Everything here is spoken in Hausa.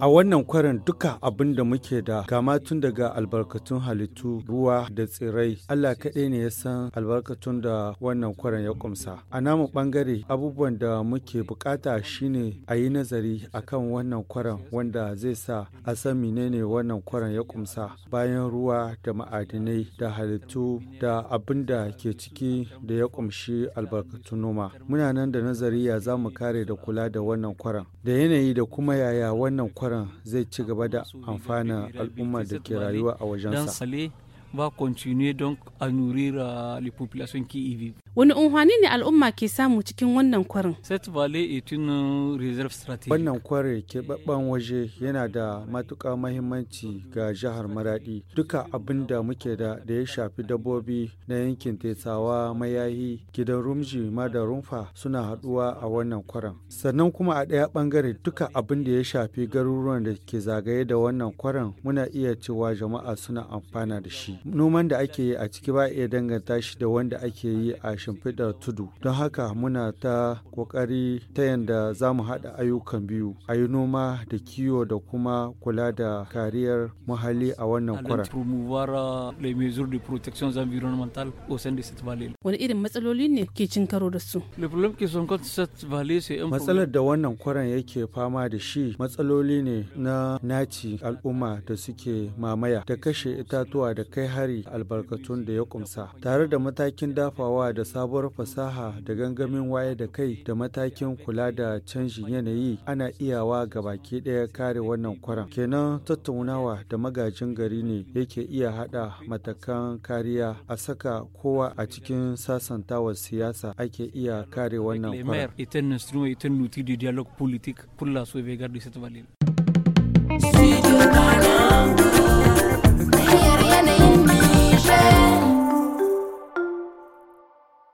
A wannan kwaran duka abin da muke da kama tun daga albarkatun halittu ruwa da tsirai Allah kaɗai ne ya san albarkatun da wannan kwaran ya kumsa. A namu ɓangare abubuwan da muke bukata shine a yi nazari akan wannan kwaran wanda zai sa a san menene wannan kwaran ya kumsa bayan ruwa da ma'adinai da halittu da abin da ke ciki da ya kumshi albarkatun noma. Muna nan da nazariya ya za mu kare da kula da wannan kwaran. da yanayi da kuma kuma yaya wannan kwarin zai ci gaba da amfana al'ummar da ke rayuwa a wajensa va continuer donc à nourrir uh, les populations qui y vivent. Wani unhwani ne al'umma ke samu cikin wannan kwarin? set vallée est une réserve stratégique. Wannan kwarin keɓaɓɓen waje yana da matuƙa mahimmanci ga jihar Maraɗi. Duka abin da muke da da ya shafi dabbobi na yankin Tetsawa, Mayahi, Gidan Rumji, ma da Rumfa suna haɗuwa a wannan kwarin. Sannan kuma a ɗaya ɓangare duka abin da ya shafi garuruwan da ke zagaye da wannan kwarin muna iya cewa jama'a suna amfana da shi. Noman da ake yi a ciki ba iya danganta shi da wanda ake yi a shimfidar tudu. Don haka muna ta kokari ta yadda za mu haɗa ayyukan biyu, a yi noma da kiwo da kuma kula da kariyar muhalli a wannan kwarar. Euh, Wani irin matsaloli ne ke cin karo da su? Matsalar da wannan kwaran yake fama da shi matsaloli ne na naci al'umma da suke mamaya da kashe itatuwa da kai hari albarkatun da ya kumsa tare da matakin dafawa da sabuwar fasaha da gangamin waye da kai da matakin kula da canjin yanayi ana iyawa ga baki ɗaya kare wannan kwaran kenan tattaunawa da magajin gari ne yake iya hada matakan kariya a saka kowa a cikin sasantawa siyasa ake iya kare wannan kwaran